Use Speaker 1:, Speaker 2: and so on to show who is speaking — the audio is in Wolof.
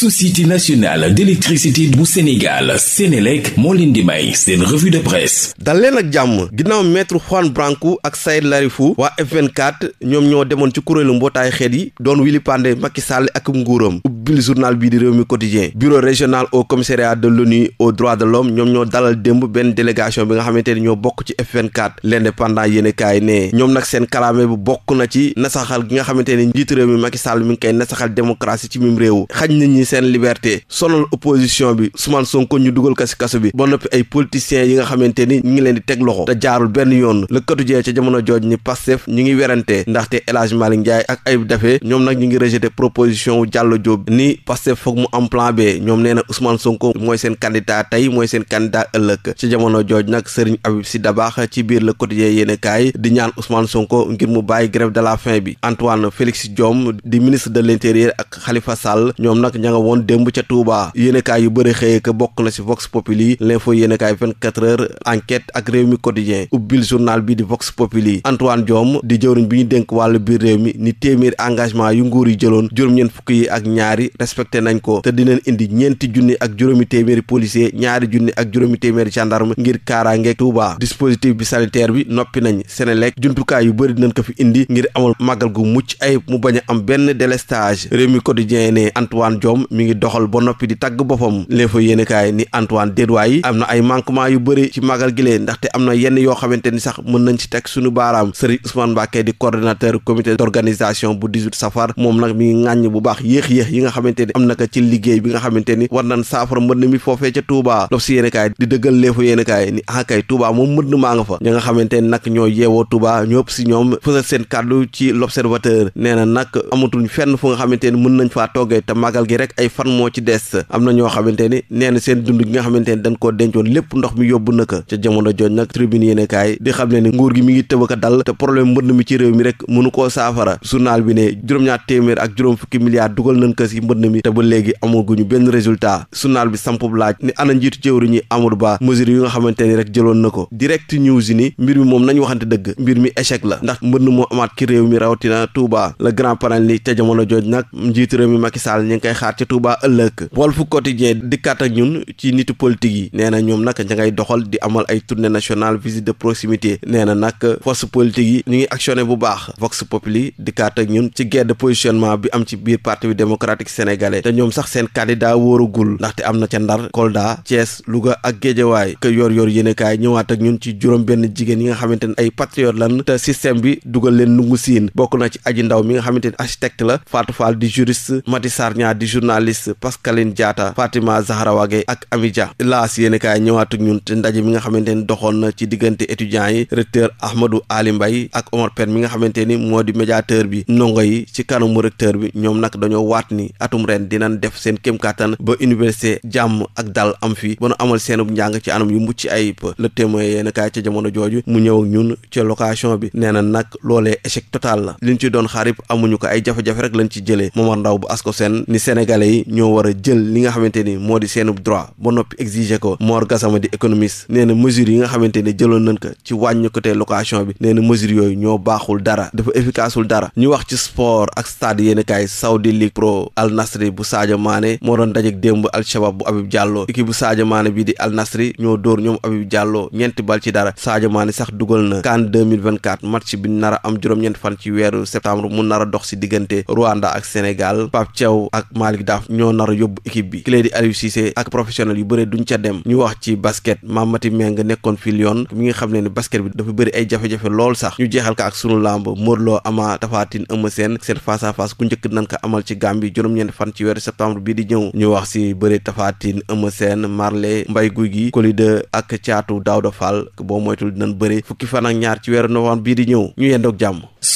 Speaker 1: société nationale d'électricité bu Sénégal Sénélec moo leen di may seen revue de presse dal leen ak jàmm ginnaaw maître Juan Branco ak Saïd Larifou waa F24 ñoom ñoo demoon ci kuréelu mbootaay xeet yi doon wili pande Macky Sall ak nguuram ubbil journal bii di réew mi quotidien bureau régional au commissariat de l'ONU aux droits de l'homme ñoom ñoo dalal démb benn délégation bi nga xamante ni ñoo bokk ci F24 l'indépendant yéene kaay ne ñoom nag seen kalaame bu bokk na ci nasaxal gi nga xamante ne njiitu réew mi Macky Sall mi ngi koy nasaxal démocratie ci mim réew xañ nañu seen liberté sonal opposition bi Ousmane Sonko ñu dugal ko si kaso bi ba noppi ay politiciens yi nga xamante ni ñu ngi leen di teg loxo te jaarul benn yoon le quotidien ca jamono jooj ni Pastef ñu ngi werante ndaxte El Hadj ak Ayib Daffé ñoom nag ñu ngi rejeté proposition wu Diallo Diop ni Pastef foog mu am plan B ñoom nee na Ousmane Sonko mooy seen candidat tey mooy seen candidat ëllëg ci jamono jooj nag Serigne Habib Sy Dabakh ci biir le quotidien yéene kaay di ñaan Ousmane Sonko ngir mu bàyyi grève de la faim bi Antoine Félix Diome di ministre de l'intérieur ak Khalifa Sall woon démb ca Touba yéenekaay yu bëri xëye ka bokk na ci Vox Populi l'info yéenekaay 24 heures enquête ak réew mi quotidien ubbil journal bi di Vox Populi Antoine Diome di jëwriñ bi ñu dénk wàllu biir réew mi ni téeméeri engagement yu nguur yi jëloon juróom-ñeent fukk yi ak ñaari respecté nañ ko te dinañ indi ñeenti junni ak juróomi téeméeri policier ñaari junni ak juróomi téeméeri gendarme ngir kaaraange Touba dispositif bi sanitaire bi noppi nañ Sénélec jumtukaay yu bëri dinañ ko fi indi ngir amal màggal gu mucc mu bañ am benn délestage réew mi ngi doxal ba noppi di tagg boppam lée fa yéenekaay ni Antoine Dédoy yi am na ay manquement yu bëri ci magal gi lee ndaxte am na yenn yoo xamante ni sax mën nañ ci teg suñu baaraam Serigne Ousmane Mbacké di coordonnateur comité d'organisation bu 18 safar moom nag mi ngi ŋàññ bu baax yéex-yéex yi nga xamante ni am na ko ci liggéey bi nga xamante ni war nañ saafara mbënd mi foofee ca Touba lof si yéenekaay di dëggal léefu yéenekaay ni akay ah Touba moom mbënd maa nga fa ña nga xamante ni nag ñoo yeewoo Touba ñoo si ñoom fësal seen kàddu ci l'observateur nee na nag amatuñ fenn fu nga xamante ni mën nañ faa toggee te màggal gi rek ay fan moo ci des am na ñoo xamante ni nee na seen dund gi nga xamante ni dañ koo dencoon lépp ndox mi yóbbu na ko ca jamono jooj nag tribune yéene kaay di xam ne ni nguur gi ngi tëb a dal te problème mbënd mi ci réew mi rek mënu koo saafara journal bi ne juróom-ñaar téeméer ak juróom fukki milliards dugal nañ ko si mbënd mi te ba léegi amaguñu benn résultat journal bi sampub laaj ni ana njiitu jëwriñu Amadou Ba mesure yu nga xamante ni rek jëloon na ko direct news ni mbir mi moom nañ waxante dëgg mbir mi échec la ndax mbënd moo amaat ci réew mi rawatina Touba le grand panel li jamono jooj nag njiitu réew mi Macky Sall ñi ngi koy xaar ca Touba ëllëg Walf Quotidien dikkaat ak ñun ci nitu politique yi nee na ñoom nag ña ngay doxal di amal ay tournée nationale visite de proximité neena na nag force politique yi ñu ngi actionné bu baax Vox Populi dikkaat ak ñun ci guerre de positionnement bi am ci biir parti bi démocratique sénégalais te ñoom sax seen candidat wóoragul ndaxte am na ca Ndar Kolda Thiès Louga ak Géejawaay que yor yor yéenekaay ñëwaat ak ñun ci juróom benn jigéen yi nga xamante ne ay patriote lan te système bi dugal leen nungu siin bokk na ci aji ndaw mi nga xamante ne architecte la Fatou Fall di juriste journaliste Pascaline Diatta Fatima Zahra Wague ak Ami Dia laas yéen ñun te ndaje mi nga xamante ni doxoon na ci diggante étudiants yi recteur Ahmadou Ali Mbaye ak Omar Pène mi nga xamante ni moo di médiateur bi ndongo yi ci kanamu recteur bi ñoom nag dañoo waat ni atum ren dinañ def seen kéem kattan ba université jàmm ak dal am fi ba nu amal seen njàng ci anam yu mucc ay le témoin yéen kaay ca jamono jooju mu ñëw ak ñun ci location bi nee na nag loolee échec total la liñ ci doon xaarib amuñu ko ay jafe-jafe rek lañ ci sénégalais yi ñoo war a jël li nga xamante ni moo di seenub droit ba noppi exiger ko moor Gassama di économiste nee na mesures yi nga xamante ne jëloon nañ ko ci wàññi côté location bi nee na mesures yooyu ñoo baaxul dara dafa efficaceul dara ñu wax ci sport ak stade yéen saw Saudi League Pro Al Nasri bu Sadio maane moo doon dajek démb Al Shabab bu Habib jàlloo équipe bu Sadio Mané bii di Al Nasri ñoo dóor ñoom Habib Diallo ñeenti bal ci dara Sadio Mané sax dugal na CAN 2024 match bi nar am juróom-ñeent fan ci weeru septembre mu nar dox si diggante Rwanda ak Sénégal Pape daaf ñoo nar a yóbbu équipe bi kilée di Aliou ak professionnel yu bëre duñ ca dem ñu wax ci basket Mamati Meng nekkoon fi Lyon mi nga xam ne ne basket bi dafa bëri ay jafe-jafe lool sax ñu jeexal ko ak sunu lamb Modou Lo Ama Tapha Tine Eumeu Sène seen face à face ku njëkk nan ko amal ci Gambie juróom-ñeenti fan ci weeru septembre bii di ñëw ñu wax si bëri Tapha Tine Eumeu Sène Marley Mbaye Gouy Gui ak caatu Daouda Fall boo moytul dinañ bëri fukki fan ak ñaar ci weeru novembre bii di